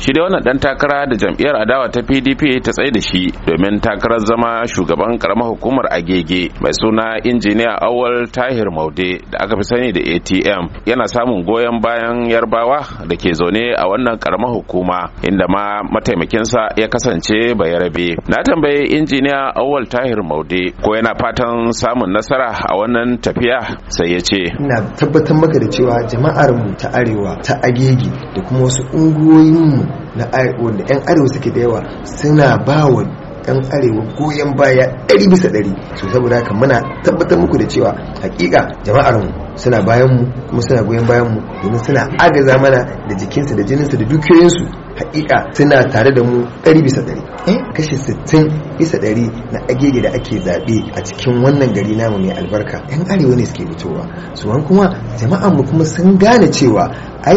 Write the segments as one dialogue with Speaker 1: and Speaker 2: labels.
Speaker 1: shi dai wannan dan takara da jam'iyyar adawa ta pdp ta tsaye da shi domin takarar zama shugaban karamar hukumar agege mai suna injiniya awal tahir maude da aka fi sani da atm yana samun goyon bayan yarbawa da ke zaune a wannan karamar hukuma inda ma mataimakinsa ya kasance bayarabe na tambayi injiniya awal tahir maude ko yana fatan samun nasara a wannan tafiya sai ya ce ina
Speaker 2: tabbatar maka da cewa jama'ar mu ta arewa ta agege da kuma wasu unguwoyin mu na wanda 'yan arewa suke da yawa suna ba wa 'yan arewa goyon baya 100 bisa 100 so saboda haka muna tabbatar muku da cewa hakika jama'ar mu suna bayan mu kuma suna goyon bayan mu domin suna agaza mana da jikinsu da jininsu da dukiyoyinsu haƙiƙa suna tare da mu ɗari bisa ɗari eh? kashi sittin bisa ɗari na agege da ake zaɓe a cikin wannan gari namu mai albarka yan arewa ne suke fitowa wani kuma jama'an mu kuma sun gane cewa ai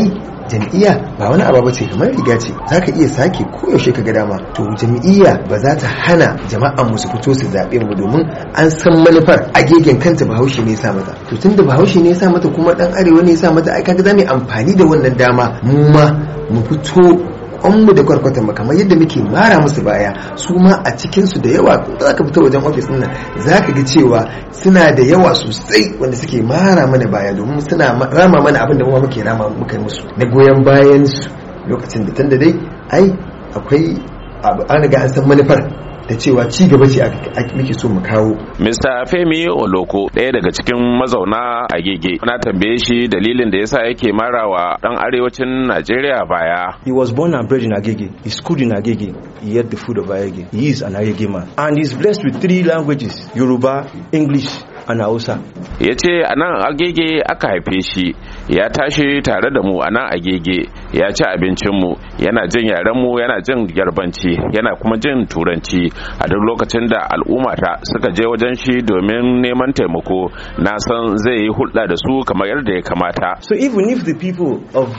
Speaker 2: jam'iyya ba wani abu ce kamar riga ce za ka iya sake koyaushe ka ga dama to jam'iyya ba za ta hana jama'an mu su fito su zaɓe mu domin an san manufar a gegen kanta bahaushe ne sa mata to tunda bahaushe ne sa mata kuma dan arewa ne sa mata ai kaga za mu amfani da wannan dama mu ma mu fito mu da kwarkwatan mu kamar yadda muke mara musu baya su ma a cikinsu da yawa ko za ka fita wajen ofis din nan za ka ga cewa suna da yawa sosai wanda suke mara mana baya domin suna rama mana abin da mu muke rama muka musu na goyon bayan su lokacin da tunda dai ai akwai an riga an san manufar da cewa ci gaba ce muke so mu kawo.
Speaker 1: Mr. Femi Oloko ɗaya daga cikin mazauna a Gege na tambaye shi dalilin da yasa yake marawa ɗan arewacin Najeriya baya.
Speaker 2: He was born and bred in Agege. He schooled in Agege. He had the food of Agege. He is an Agege man and he is blessed with three languages Yoruba, English a Hausa.
Speaker 1: Ya ce a nan Agege aka haife shi ya tashi tare da mu a nan Agege. ya ci abincinmu yana jin yarenmu yana jin yarbanci yana kuma jin turanci a duk lokacin da al'ummata suka je wajen shi domin neman taimako na san zai yi hulɗa da su kamar yadda ya kamata
Speaker 2: so even if the people of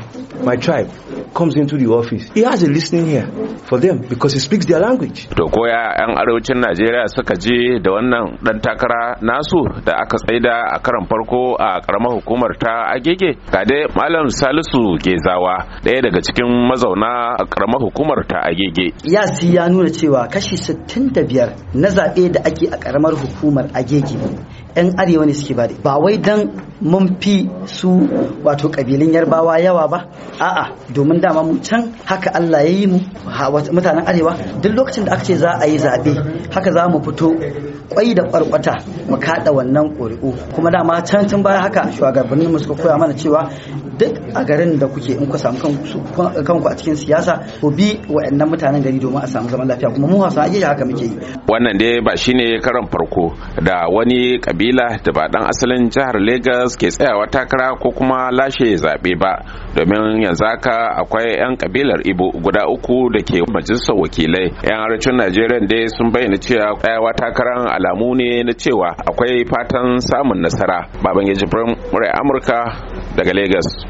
Speaker 2: my tribe comes into the office he has a listening here for them because he speaks their language
Speaker 1: to koya yan arewacin Najeriya suka je da wannan dan takara nasu da aka tsaida a karan farko a karamar hukumar ta agege ga dai malam Salisu Gezawa Daya daga cikin mazauna a karamar hukumar ta agege
Speaker 3: gege. ya nuna cewa kashi 65 na zaɓe da ake a karamar hukumar agege yan arewa ne suke bada ba wai don mun fi su wato kabilun yarbawa yawa ba a'a domin dama mu can haka Allah ya yi mu mutanen arewa duk lokacin da aka ce za a yi zaɓe haka za mu fito kwai da kwarkwata mu kada wannan ƙuri'u kuma dama can tun baya haka shugabannin mu suka koya mana cewa duk a garin da kuke in ku samu kan kanku a cikin siyasa ku bi waɗannan mutanen gari domin a samu zaman lafiya kuma mu hausa ake haka muke yi
Speaker 1: wannan dai ba shine karan farko da wani kabila da ba dan asalin jihar Legas ke tsayawa takara ko kuma lashe zaɓe ba domin yanzu haka akwai 'yan kabilar Ibo guda uku da ke majalisar wakilai 'yan arewacin Najeriya dai sun bayyana cewa tsayawa takarar alamu ne na cewa akwai fatan samun nasara babangeji firin murai Amurka daga Legas.